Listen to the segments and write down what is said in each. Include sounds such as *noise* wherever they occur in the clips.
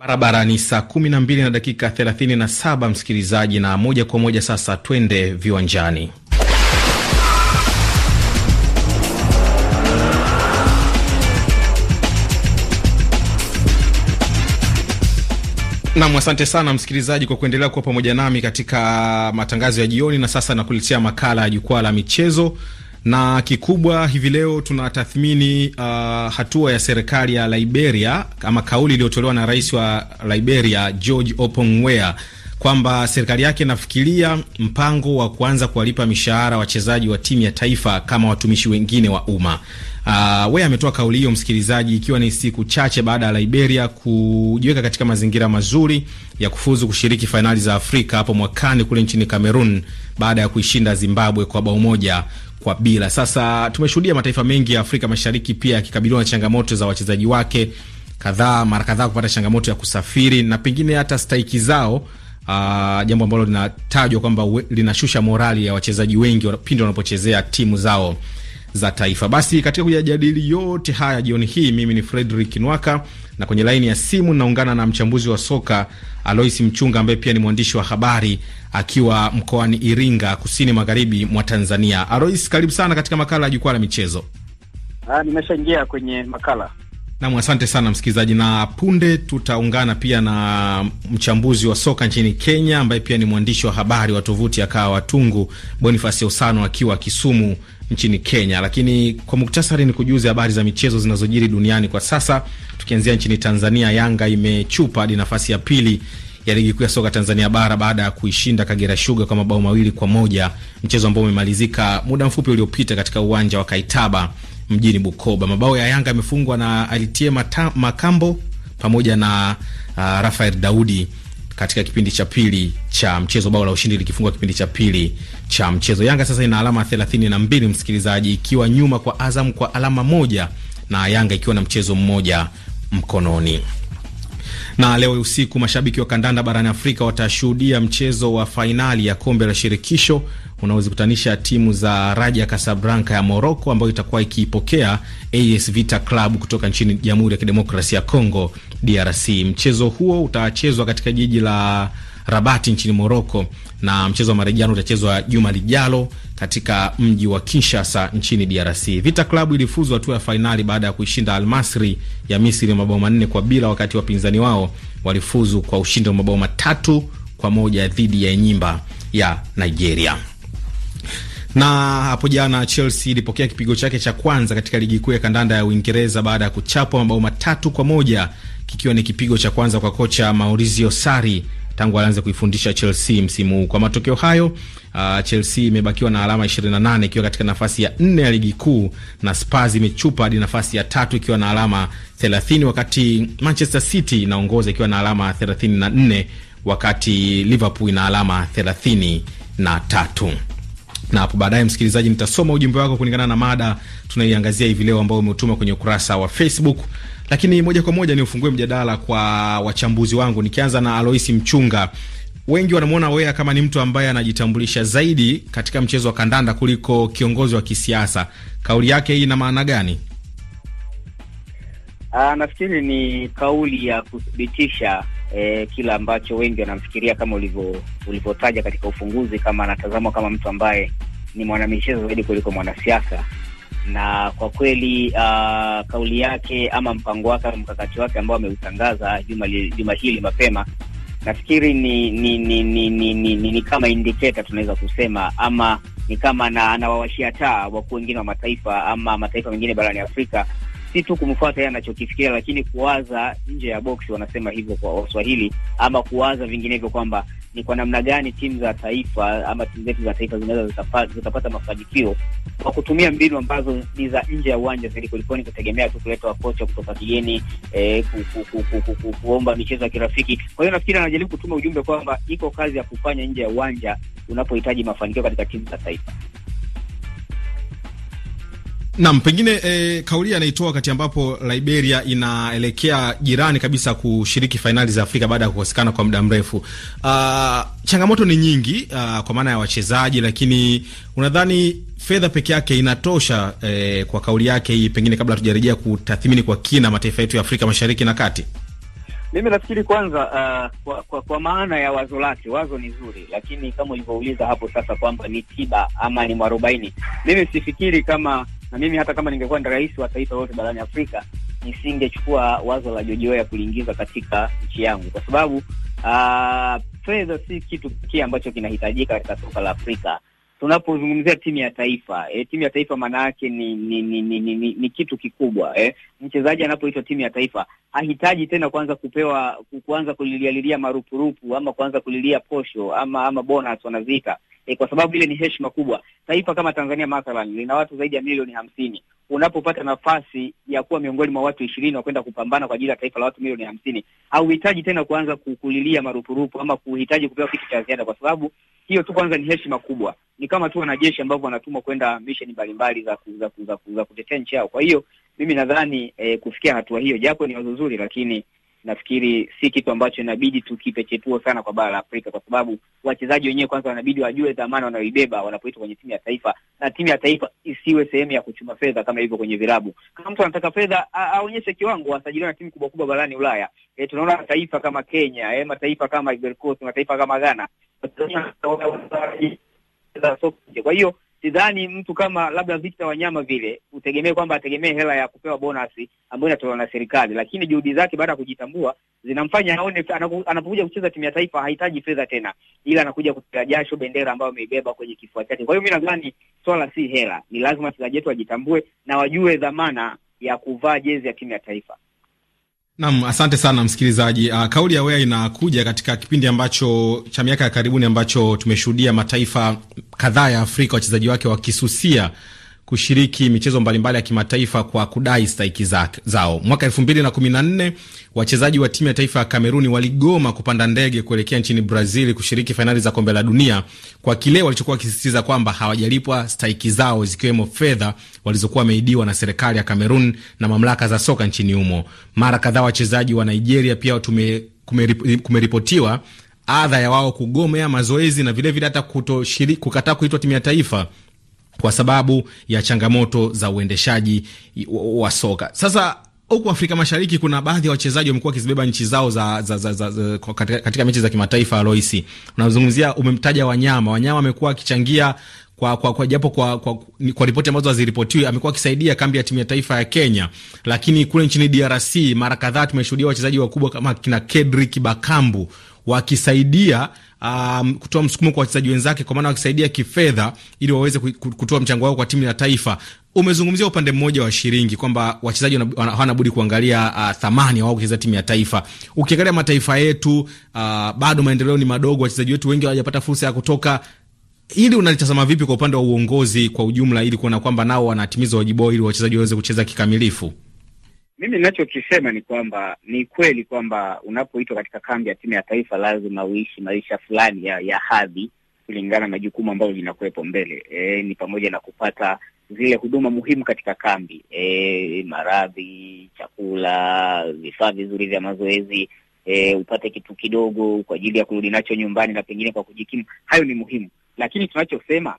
Barabara ni saa 12 na dakika 37, msikilizaji, na moja kwa moja sasa twende viwanjani. Nam, asante sana msikilizaji kwa kuendelea kuwa pamoja nami katika matangazo ya jioni, na sasa nakuletea makala ya jukwaa la michezo na kikubwa hivi leo tunatathmini uh, hatua ya serikali ya Liberia ama kauli iliyotolewa na rais wa Liberia George Oppong Weah kwamba serikali yake inafikiria mpango wa kuanza kuwalipa mishahara wachezaji wa timu ya taifa kama watumishi wengine wa umma. Uh, Weah ametoa kauli hiyo, msikilizaji, ikiwa ni siku chache baada ya Liberia kujiweka katika mazingira mazuri ya kufuzu kushiriki fainali za Afrika hapo mwakani kule nchini Cameroon baada ya kuishinda Zimbabwe kwa bao moja kwa bila. Sasa tumeshuhudia mataifa mengi ya Afrika Mashariki pia yakikabiliwa na changamoto za wachezaji wake kadhaa mara kadhaa kupata changamoto ya kusafiri na pengine hata staiki zao. Uh, jambo ambalo linatajwa kwamba linashusha morali ya wachezaji wengi pindi wanapochezea timu zao za taifa. Basi katika kujajadili yote haya jioni hii, mimi ni Fredrick Nwaka na kwenye laini ya simu naungana na mchambuzi wa soka Alois Mchunga ambaye pia ni mwandishi wa habari akiwa mkoani Iringa, kusini magharibi mwa Tanzania. Alois, karibu sana katika makala ya jukwaa la michezo. Ah, nimeshaingia kwenye makala nam. Asante sana msikilizaji, na punde tutaungana pia na mchambuzi wa soka nchini Kenya ambaye pia ni mwandishi wa habari wa tovuti ya Kaa Watungu, Bonifasi Osano akiwa Kisumu nchini Kenya. Lakini kwa muktasari, ni kujuza habari za michezo zinazojiri duniani kwa sasa, tukianzia nchini Tanzania. Yanga imechupa hadi nafasi ya pili ya ligi kuu ya soka Tanzania bara baada ya kuishinda Kagera Sugar kwa mabao mawili kwa moja, mchezo ambao umemalizika muda mfupi uliopita katika uwanja wa Kaitaba mjini Bukoba. Mabao ya Yanga yamefungwa na Alitie Makambo pamoja na uh, Rafael Daudi katika kipindi cha pili cha mchezo, bao la ushindi likifungwa kipindi cha pili cha mchezo. Yanga sasa ina alama 32 msikilizaji, ikiwa nyuma kwa Azam kwa alama moja na Yanga ikiwa na mchezo mmoja mkononi. Na leo usiku mashabiki wa kandanda barani Afrika watashuhudia mchezo wa fainali ya kombe la shirikisho unaozikutanisha timu za Raja Casablanca ya Moroko ambayo itakuwa ikiipokea AS Vita Club kutoka nchini Jamhuri ya Kidemokrasia ya congo DRC. Mchezo huo utachezwa katika jiji la Rabati nchini Moroko, na mchezo wa marejano utachezwa juma lijalo katika mji wa Kinshasa nchini DRC. Vita Club ilifuzwa hatua ya fainali baada ya kuishinda Almasri ya Misri mabao manne kwa bila, wakati wapinzani wao walifuzu kwa ushindi wa mabao matatu kwa moja dhidi ya Enyimba ya Nigeria. Na hapo jana Chelsea ilipokea kipigo chake cha kwanza katika ligi kuu ya kandanda ya Uingereza baada ya kuchapwa mabao matatu kwa moja kikiwa ni kipigo cha kwanza kwa kocha Maurizio Sarri tangu alianza kuifundisha Chelsea msimu huu. Kwa matokeo hayo, uh, Chelsea imebakiwa na alama 28 ikiwa katika nafasi ya nne ya ligi kuu, na Spurs imechupa hadi nafasi ya tatu ikiwa na alama 30, wakati Manchester City inaongoza ikiwa na alama 34, wakati Liverpool ina alama 33 na hapo baadaye, msikilizaji, nitasoma ujumbe wako kulingana na mada tunaiangazia hivi leo ambao umeutuma kwenye ukurasa wa Facebook. Lakini moja kwa moja niufungue mjadala kwa wachambuzi wangu, nikianza na Aloisi Mchunga. Wengi wanamwona wea kama ni mtu ambaye anajitambulisha zaidi katika mchezo wa kandanda kuliko kiongozi wa kisiasa. Kauli yake hii ina maana gani? Aa, ah, nafikiri ni kauli ya kuthibitisha eh, kila ambacho wengi wanamfikiria kama ulivyo ulivyotaja katika ufunguzi, kama anatazamwa kama mtu ambaye ni mwanamichezo zaidi kuliko mwanasiasa. Na kwa kweli uh, kauli yake ama mpango wake ama mkakati wake ambao ameutangaza juma, juma hili mapema nafikiri ni ni ni ni, ni, ni, ni, ni kama indicator tunaweza kusema ama ni kama anawawashia taa wakuu wengine wa mataifa ama mataifa mengine barani Afrika si tu kumfuata yeye anachokifikiria, lakini kuwaza nje ya box, wanasema hivyo kwa Waswahili, ama kuwaza vinginevyo kwamba ni kwa namna gani timu za taifa ama timu zetu za taifa zinaweza zitapata mafanikio kwa kutumia mbinu ambazo ni za nje ya uwanja zaidi kuliko ni kutegemea tu kuleta wakocha kutoka kigeni, eh, kuomba michezo ya kirafiki. Kwa hiyo nafikiri anajaribu kutuma ujumbe kwamba iko kazi ya kufanya nje ya uwanja unapohitaji mafanikio katika timu za taifa. Nam pengine e, kauli anaitoa wakati ambapo Liberia inaelekea jirani kabisa kushiriki fainali za Afrika baada ya kukosekana kwa muda mrefu. Uh, changamoto ni nyingi uh, kwa maana ya wachezaji, lakini unadhani fedha peke yake inatosha e, kwa kauli yake hii, pengine kabla hatujarejea kutathmini kwa kina mataifa yetu ya Afrika Mashariki na Kati? Mimi nafikiri kwanza, uh, kwa, kwa, kwa maana ya wazo lake, wazo ni zuri, lakini kama ulivyouliza hapo sasa kwamba ni tiba ama ni mwarobaini, mimi sifikiri kama na mimi hata kama ningekuwa ni rais wa taifa lolote barani Afrika nisingechukua wazo la jojo ya kuliingiza katika nchi yangu, kwa sababu uh, fedha si kitu pekee ambacho kinahitajika katika soka la Afrika. Tunapozungumzia timu ya taifa e, timu ya taifa maana yake ni ni, ni, ni, ni, ni ni kitu kikubwa e. Mchezaji anapoitwa timu ya taifa hahitaji tena kuanza kupewa kuanza kulilialilia marupurupu ama kuanza kulilia posho ama ama bonus wanaziita e, kwa sababu ile ni heshima kubwa. Taifa kama Tanzania mathalan lina watu zaidi ya milioni hamsini. Unapopata nafasi ya kuwa miongoni mwa watu ishirini kwenda kupambana kwa ajili ya taifa la watu milioni hamsini, hauhitaji tena kuanza kukulilia marupurupu ama kuhitaji kupewa kitu cha ziada, kwa sababu hiyo tu kwanza ni heshima kubwa. Ni kama tu wanajeshi ambao wanatumwa kwenda misheni mbalimbali za ku, za, za, za kutetea nchi yao. Kwa hiyo mimi nadhani e, kufikia hatua hiyo, japo ni wazo zuri, lakini nafikiri si kitu ambacho inabidi tukipechepuo sana kwa bara la Afrika, kwa sababu wachezaji wenyewe kwanza wanabidi wajue dhamana wanaoibeba wanapoitwa kwenye timu ya taifa, na timu ya taifa isiwe sehemu ya kuchuma fedha kama ilivyo kwenye vilabu. Kama mtu anataka fedha, aonyeshe kiwango, asajiliwe na timu kubwa kubwa barani Ulaya. E, tunaona mataifa kama Kenya, e, mataifa kama Ivory Coast, mataifa kama Ghana. Kwa hiyo sidhani mtu kama labda Victor Wanyama vile utegemee kwamba ategemee hela ya kupewa bonasi ambayo inatolewa na serikali, lakini juhudi zake baada ya kujitambua zinamfanya aone anapokuja kucheza timu ya taifa hahitaji fedha tena, ila anakuja kutia jasho bendera ambayo ameibeba kwenye kifua chake. Kwa hiyo mi nadhani swala si hela, ni lazima wachezaji wetu wajitambue na wajue dhamana ya kuvaa jezi ya timu ya taifa. Nam, asante sana msikilizaji. Uh, kauli ya wea inakuja katika kipindi ambacho cha miaka ya karibuni ambacho tumeshuhudia mataifa kadhaa ya Afrika wachezaji wake wakisusia kushiriki michezo mbalimbali ya kimataifa kwa kudai stahiki zao. Mwaka elfu mbili na na kumi nne wachezaji wa timu ya taifa ya Kameruni waligoma kupanda ndege kuelekea nchini Brazil kushiriki fainali za kombe la dunia kwa kile walichokuwa wakisisitiza kwamba hawajalipwa stahiki zao, zikiwemo fedha walizokuwa wameidiwa na serikali ya Kamerun na mamlaka za soka nchini humo. Mara kadhaa wachezaji wa Nigeria pia kumeripotiwa adha ya wao kugomea mazoezi na vilevile hata kukataa kuitwa timu ya taifa kwa sababu ya changamoto za uendeshaji wa soka. Sasa huku Afrika Mashariki kuna baadhi ya wachezaji wamekuwa wakizibeba nchi zao za, za, za, za, za, katika, katika mechi za kimataifa. Aloisi, unazungumzia umemtaja Wanyama. Wanyama amekuwa akichangia kwa, kwa, kwa japo kwa, kwa, kwa kwa ripoti ambazo haziripotiwi amekuwa akisaidia kambi ya timu ya taifa ya Kenya, lakini kule nchini DRC mara kadhaa tumeshuhudia wachezaji wakubwa kama kina Kedrick Bakambu wakisaidia um, kutoa msukumo kwa wachezaji wenzake, kwa maana wakisaidia kifedha ili waweze kutoa mchango wao kwa timu ya taifa. Umezungumzia upande mmoja wa shilingi kwamba wachezaji hawana budi kuangalia uh, thamani wao kucheza timu ya taifa. Ukiangalia mataifa yetu uh, bado maendeleo ni madogo, wachezaji wetu wengi hawajapata fursa ya kutoka hili unalitazama vipi kwa upande wa uongozi kwa ujumla, ili kuona kwamba nao wanatimiza wajibu wao ili wachezaji waweze kucheza kikamilifu? Mimi ninachokisema ni kwamba ni kweli kwamba unapoitwa katika kambi ya timu ya taifa lazima uishi maisha fulani ya, ya hadhi kulingana na jukumu ambalo linakuwepo mbele. E, ni pamoja na kupata zile huduma muhimu katika kambi e, maradhi, chakula, vifaa vizuri vya mazoezi e, upate kitu kidogo kwa ajili ya kurudi nacho nyumbani na pengine kwa kujikimu. Hayo ni muhimu, lakini tunachosema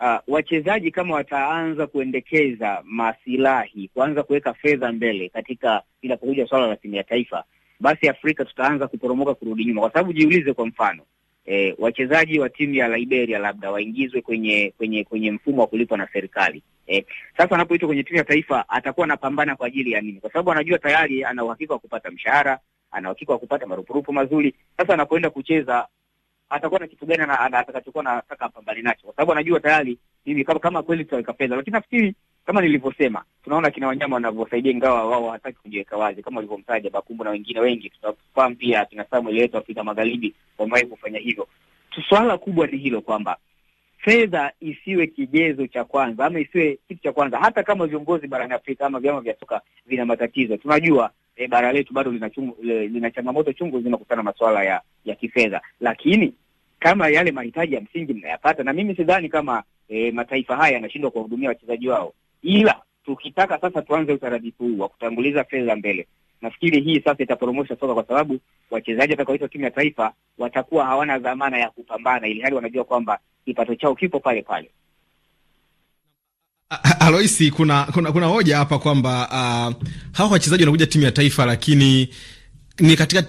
Uh, wachezaji kama wataanza kuendekeza masilahi, kuanza kuweka fedha mbele katika inapokuja swala la timu ya taifa, basi Afrika tutaanza kuporomoka kurudi nyuma, kwa sababu jiulize, kwa mfano e, wachezaji wa timu ya Liberia labda waingizwe kwenye kwenye kwenye mfumo wa kulipwa na serikali e, sasa anapoitwa kwenye timu ya taifa atakuwa anapambana kwa ajili ya nini? Kwa sababu anajua tayari ana uhakika wa kupata mshahara, ana uhakika wa kupata marupurupu mazuri. Sasa anapoenda kucheza atakuwa na kitu gani atakachokuwa nataka apambane nacho, kwa sababu anajua tayari mimi kama, kama kweli tutaweka fedha. Lakini nafikiri kama nilivyosema, tunaona kina wanyama wanavyosaidia, ingawa wao hawataki kujiweka wazi, kama walivyomtaja Bakumbu na wengine wengi. Tutafahamu pia kina Samuel wetu Afrika Magharibi wamewahi kufanya hivyo. Swala kubwa ni hilo kwamba fedha isiwe kigezo cha kwanza ama isiwe kitu cha kwanza, hata kama viongozi barani Afrika ama vyama vya soka vina matatizo. Tunajua e, bara letu bado lina chungu, lina changamoto chungu zima kutana masuala ya ya kifedha, lakini kama yale mahitaji ya msingi mnayapata, na mimi sidhani kama e, mataifa haya yanashindwa kuwahudumia wachezaji wao, ila tukitaka sasa tuanze utaratibu huu wa kutanguliza fedha mbele, nafikiri hii sasa itaporomosha soka, kwa sababu wachezaji watakaoitwa timu ya taifa watakuwa hawana dhamana ya kupambana, ili hali wanajua kwamba kipato chao kipo pale pale. Ah, ah, Aloisi, kuna kuna kuna hoja hapa kwamba uh, hawa wachezaji wanakuja timu ya taifa, lakini ni katika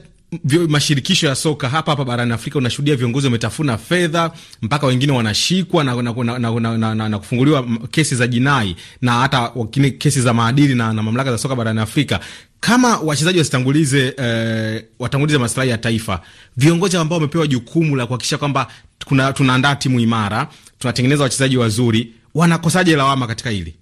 mashirikisho ya soka hapa hapa barani Afrika, unashuhudia viongozi wametafuna fedha mpaka wengine wanashikwa na, na, na, na, na, na, na kufunguliwa kesi za jinai na hata kesi za maadili na, na mamlaka za soka barani Afrika. Kama wachezaji wasitangulize eh, watangulize maslahi ya taifa, viongozi ambao wamepewa jukumu la kuhakikisha kwamba tunaandaa timu imara, tunatengeneza wachezaji wazuri, wanakosaje lawama katika hili?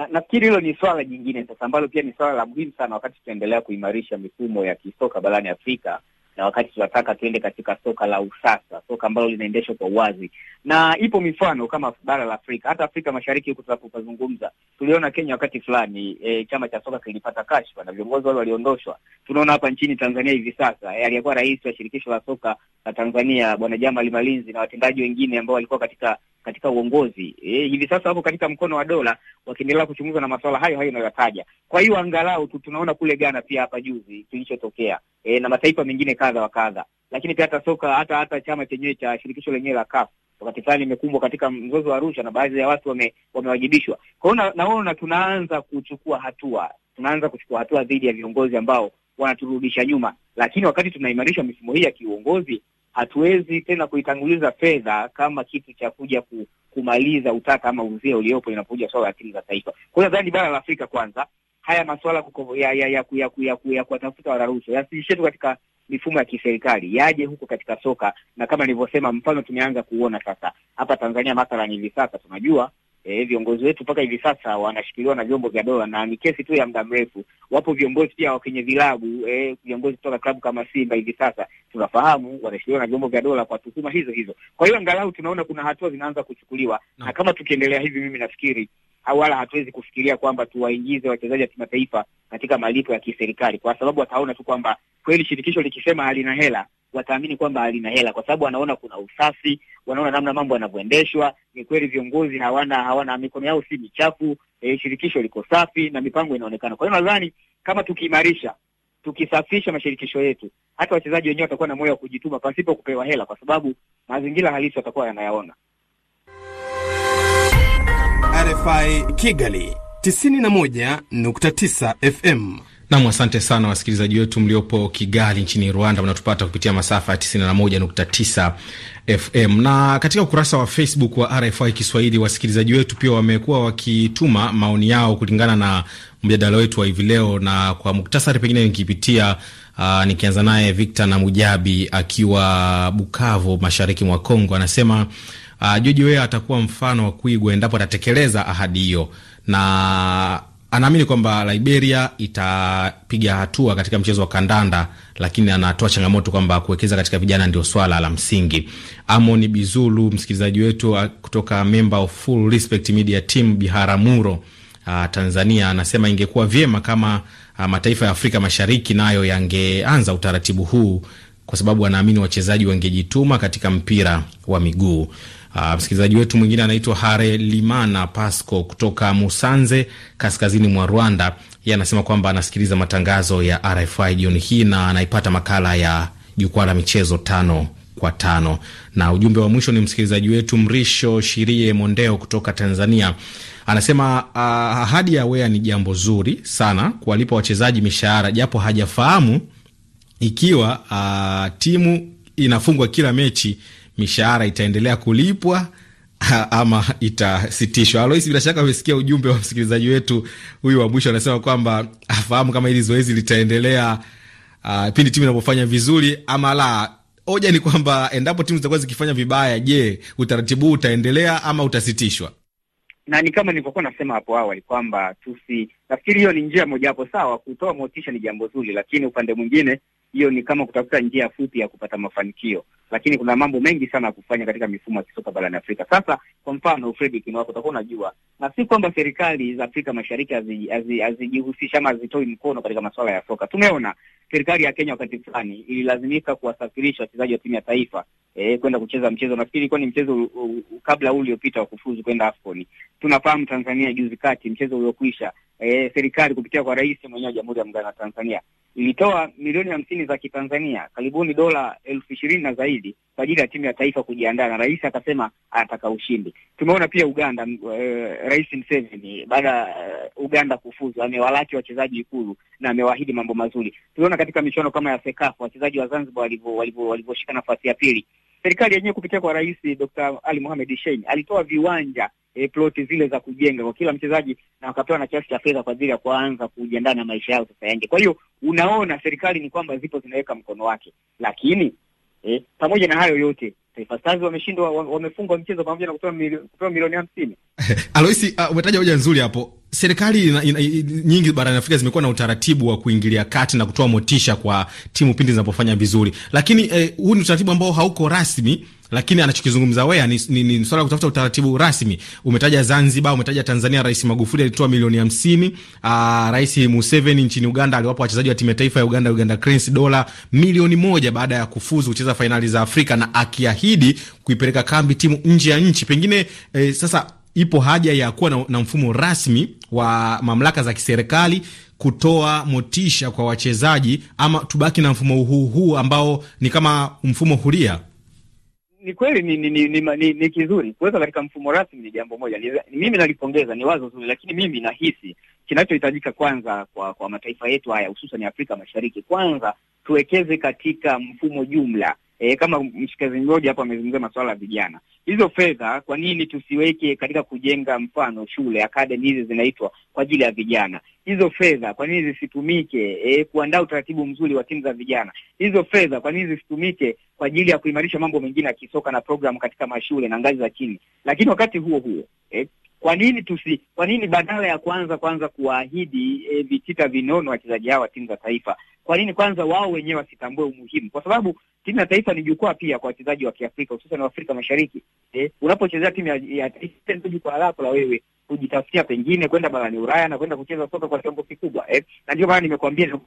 na nafikiri hilo ni swala jingine sasa ambalo pia ni swala la muhimu sana wakati tunaendelea kuimarisha mifumo ya kisoka barani Afrika na wakati tunataka tuende katika soka la usasa, soka ambalo linaendeshwa kwa uwazi, na ipo mifano kama bara la Afrika, hata Afrika Mashariki huku tunapozungumza, tuliona Kenya wakati fulani e, chama cha soka kilipata kashfa na viongozi wale waliondoshwa, tunaona hapa nchini Tanzania hivi sasa. E, aliyekuwa rais wa shirikisho la soka la Tanzania Bwana Jamali Malinzi na watendaji wengine ambao walikuwa katika katika uongozi e, hivi sasa wako katika mkono wa dola wakiendelea kuchunguza na masuala hayo hayo inayoyataja. Kwa hiyo angalau tunaona kule Ghana pia hapa juzi kilichotokea e, na mataifa mengine kadha wa kadha lakini pia hata soka hata hata chama chenyewe cha shirikisho lenyewe la CAF wakati fulani imekumbwa katika mzozo wa arusha na baadhi ya watu wame, wamewajibishwa. Kwa hiyo naona tunaanza kuchukua hatua, tunaanza kuchukua hatua dhidi ya viongozi ambao wanaturudisha nyuma, lakini wakati tunaimarisha mifumo hii ya kiuongozi hatuwezi tena kuitanguliza fedha kama kitu cha kuja ku, kumaliza utata ama uzia uliopo inapokuja swala la timu za taifa. Kwa hiyo nadhani bara la Afrika kwanza haya masuala ya, ya, ya, ya, ya, kuwatafuta wanarushwa yasiishie tu katika mifumo ya kiserikali yaje huko katika soka, na kama nilivyosema, mfano tumeanza kuona sasa hapa Tanzania mathalani hivi sasa tunajua E, viongozi wetu mpaka hivi sasa wanashikiliwa na vyombo vya dola na ni kesi tu ya muda mrefu. Wapo viongozi pia wakenye vilabu e, viongozi kutoka klabu kama Simba hivi sasa tunafahamu wanashikiliwa na vyombo vya dola kwa tuhuma hizo hizo. Kwa hiyo angalau tunaona kuna hatua zinaanza kuchukuliwa no. Na kama tukiendelea hivi, mimi nafikiri wala hatuwezi kufikiria kwamba tuwaingize wachezaji wa kimataifa katika malipo ya kiserikali, kwa sababu wataona tu kwamba kweli shirikisho likisema halina hela wataamini kwamba halina hela, kwa sababu wanaona kuna usafi, wanaona namna mambo yanavyoendeshwa. Ni kweli viongozi hawana hawana mikono yao si michafu, e, shirikisho liko safi na mipango inaonekana. Kwa hiyo nadhani kama tukiimarisha, tukisafisha mashirikisho yetu, hata wachezaji wenyewe watakuwa na moyo wa kujituma pasipo kupewa hela, kwa sababu mazingira halisi watakuwa yanayaona. RFI Kigali 91.9 FM. Nam, asante sana wasikilizaji wetu mliopo Kigali nchini Rwanda, mnatupata kupitia masafa ya 91.9 FM na katika ukurasa wa Facebook wa RFI Kiswahili, wasikilizaji wetu pia wamekuwa wakituma maoni yao kulingana na mjadala wetu wa hivi leo, na kwa muktasari pengine nikipitia uh, nikianza naye Victor na Mujabi akiwa Bukavu, mashariki mwa Kongo, anasema Uh, ah, George Weah atakuwa mfano wa kuigwa endapo atatekeleza ahadi hiyo, na anaamini kwamba Liberia itapiga hatua katika mchezo wa kandanda, lakini anatoa changamoto kwamba kuwekeza katika vijana ndio swala la msingi. Amon Bizulu, msikilizaji wetu ah, kutoka member of Full Respect Media Team Biharamulo ah, Tanzania anasema ingekuwa vyema kama mataifa ya Afrika Mashariki nayo yangeanza utaratibu huu, kwa sababu anaamini wachezaji wangejituma katika mpira wa miguu. Uh, msikilizaji wetu mwingine anaitwa hare limana Pasco kutoka Musanze kaskazini mwa Rwanda. Yeye anasema kwamba anasikiliza matangazo ya RFI jioni hii na anaipata makala ya jukwaa la michezo tano kwa tano. Na ujumbe wa mwisho ni msikilizaji wetu Mrisho Shirie Mondeo kutoka Tanzania anasema uh, ahadi ya wea ni jambo zuri sana kuwalipa wachezaji mishahara, japo hajafahamu ikiwa uh, timu inafungwa kila mechi mishahara itaendelea kulipwa ama itasitishwa. Alois, bila shaka amesikia ujumbe wa msikilizaji wetu huyu wa mwisho, anasema kwamba afahamu kama hili zoezi litaendelea uh, pindi timu inapofanya vizuri ama la. Hoja ni kwamba endapo timu zitakuwa zikifanya vibaya, je, utaratibu huu utaendelea ama utasitishwa? Na ni kama nilivyokuwa nasema hapo awali kwamba tusi, nafikiri hiyo ni njia mojawapo sawa. Kutoa motisha ni jambo zuri, lakini upande mwingine hiyo ni kama kutafuta njia fupi ya kupata mafanikio lakini kuna mambo mengi sana ya kufanya katika mifumo ya kisoka barani Afrika. Sasa kwa mfano, Fredrick, wako utakuwa unajua, na si kwamba serikali za Afrika Mashariki hazijihusishi ama hazitoi mkono katika masuala ya soka. Tumeona serikali ya Kenya wakati fulani ililazimika kuwasafirisha wachezaji wa timu ya taifa eh, kwenda kucheza mchezo, nafikiri ilikuwa ni mchezo uh, uh, kabla huu uliopita wa kufuzu kwenda AFCON. Tunafahamu Tanzania juzi kati mchezo uliokwisha, eh, serikali kupitia kwa rais mwenyewe wa Jamhuri ya Muungano wa Tanzania ilitoa milioni hamsini za Kitanzania, karibuni dola elfu ishirini na zaidi kwa ajili ya timu ya taifa kujiandaa, na rais akasema anataka ushindi. Tumeona pia Uganda, uh, Rais mseveni baada ya uh, Uganda kufuzu amewalaki wachezaji Ikulu na amewaahidi mambo mazuri. Tuliona katika michuano kama ya sekafu wachezaji wa Zanzibar walivyoshika nafasi ya pili serikali yenyewe kupitia kwa Rais Dr. Ali Mohamed Shein alitoa viwanja e, ploti zile za kujenga kwa kila mchezaji na wakapewa na kiasi cha fedha kwa ajili ya kuanza kujiandaa na maisha yao sasa ya nje. Kwa hiyo unaona, serikali ni kwamba zipo zinaweka mkono wake, lakini e, pamoja na hayo yote Taifa Stars wameshindwa, wamefungwa mchezo pamoja na kupewa milioni hamsini. *laughs* Aloisi, uh, umetaja uh, hoja nzuri hapo serikali ina, ina, nyingi barani Afrika zimekuwa na utaratibu wa kuingilia kati na kutoa motisha kwa timu pindi zinapofanya vizuri, lakini eh, huu ni utaratibu ambao hauko rasmi lakini anachokizungumza wea ni, ni, ni swala la kutafuta utaratibu rasmi. Umetaja Zanzibar, umetaja Tanzania. Rais Magufuli alitoa milioni hamsini. Ah, Rais Museveni nchini Uganda aliwapa wachezaji wa timu ya taifa ya Uganda, Uganda Cranes, dola milioni moja baada ya kufuzu kucheza fainali za Afrika, na akiahidi kuipeleka kambi timu nje ya nchi. Pengine eh, sasa ipo haja ya kuwa na, na mfumo rasmi wa mamlaka za kiserikali kutoa motisha kwa wachezaji ama tubaki na mfumo huu huu ambao ni kama mfumo huria? Ni kweli ni, ni, ni, ni, ni kizuri kuweka katika mfumo rasmi, ni jambo moja, ni, mimi nalipongeza, ni wazo zuri, lakini mimi nahisi kinachohitajika kwanza kwa kwa mataifa yetu haya hususan Afrika Mashariki, kwanza tuwekeze katika mfumo jumla E, kama mshikazi hapo amezungumzia masuala ya vijana, hizo fedha kwa nini tusiweke katika kujenga mfano shule academy hizi zinaitwa kwa ajili ya vijana hizo fedha kwa nini zisitumike e, kuandaa utaratibu mzuri wa timu za vijana? Hizo fedha kwa nini zisitumike kwa ajili ya kuimarisha mambo mengine ya kisoka na programu katika mashule na ngazi za chini? Lakini wakati huo huo e, kwa nini tusi, kwa nini badala ya kwanza kwanza kuwaahidi e, vitita vinono wachezaji hawa timu za taifa, kwa nini kwanza wao wenyewe wasitambue umuhimu? Kwa sababu timu ya taifa ni jukwaa pia kwa wachezaji wa Kiafrika hususan wa Afrika Mashariki. Eh, unapochezea timu ya, ya taifa jukwaa lako la wewe kujitafutia pengine kwenda barani Ulaya na kwenda kucheza soka kwa kiwango kikubwa eh, na ndio maana nimekuambia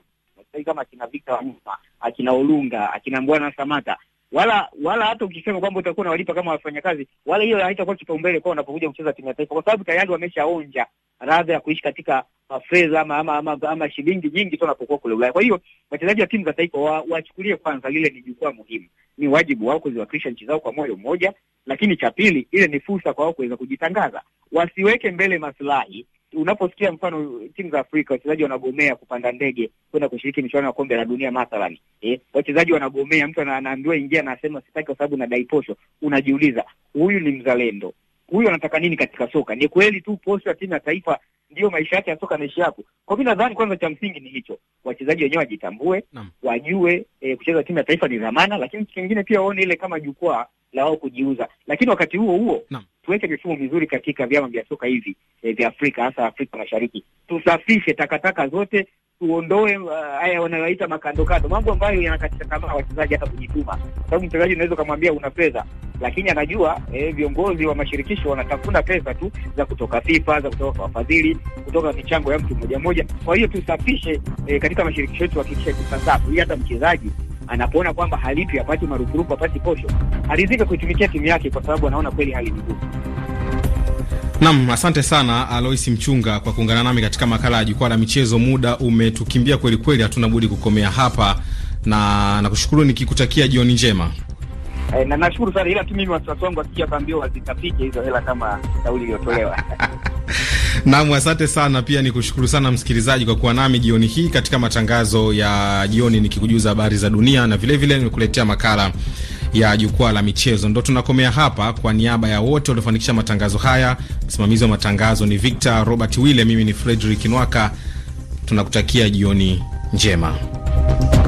kama akina Victor Wanyama, akina Olunga, akina Mbwana Samata wala wala hata ukisema kwamba utakuwa unawalipa kama wafanyakazi, wala hiyo haitakuwa kipaumbele kwao unapokuja kucheza timu ya taifa, kwa sababu tayari wameshaonja radha ya kuishi katika mafedha uh, ama ama, ama, ama shilingi nyingi tu wanapokuwa kule Ulaya. Kwa hiyo wachezaji wa timu za taifa wachukulie kwanza, lile ni jukwaa muhimu, ni wajibu wao kuziwakilisha nchi zao kwa moyo mmoja, lakini cha pili, ile ni fursa kwa wao kuweza kujitangaza, wasiweke mbele maslahi unaposikia mfano timu za Afrika wachezaji wanagomea kupanda ndege kwenda kushiriki michuano ya kombe la dunia mathalan, eh, wachezaji wanagomea, mtu anaambiwa ingia, anasema sitaki kwa sababu nadai posho. Unajiuliza, huyu ni mzalendo? Huyu anataka nini katika soka? Ni kweli tu posho ya timu ya taifa ndio maisha yake ya soka anaishi hapo. Kwa mimi nadhani kwanza cha msingi ni hicho, wachezaji wenyewe wajitambue, wajue e, kucheza timu ya taifa ni dhamana, lakini kitu kingine pia waone ile kama jukwaa la wao kujiuza, lakini wakati huo huo tuweke mifumo mizuri katika vyama vya soka hivi e, vya Afrika hasa Afrika Mashariki, tusafishe takataka zote, tuondoe uh, haya uh, wanayoita makandokando mambo ambayo yanakatisha tamaa wachezaji hata kujituma, kwa sababu mchezaji unaweza ukamwambia una pesa, lakini anajua eh, viongozi wa mashirikisho wanatafuna pesa tu za kutoka FIFA, za kutoka kwa wafadhili, kutoka michango ya mtu mmoja mmoja. Kwa hiyo tusafishe eh, katika mashirikisho yetu, hakikisha pesa safi, ili hata mchezaji anapoona kwamba halipi, apati marupurupu, apati posho, aridhike kuitumikia timu yake, kwa sababu anaona kweli hali ni ngumu. Nam, asante sana Alois Mchunga kwa kuungana nami katika makala ya jukwaa la michezo. Muda umetukimbia kweli kweli, hatuna budi kukomea hapa na nakushukuru nikikutakia jioni njema. E, na nashukuru sana ila tu mimi wasiwasi wangu hizo hela kama kauli iliyotolewa. *laughs* asante sana pia nikushukuru sana msikilizaji kwa kuwa nami jioni hii katika matangazo ya jioni, nikikujuza habari za dunia na vilevile nikuletea makala ya jukwaa la michezo. Ndo tunakomea hapa. Kwa niaba ya wote waliofanikisha matangazo haya, msimamizi wa matangazo ni Victor Robert Wille, mimi ni Frederick Nwaka, tunakutakia jioni njema.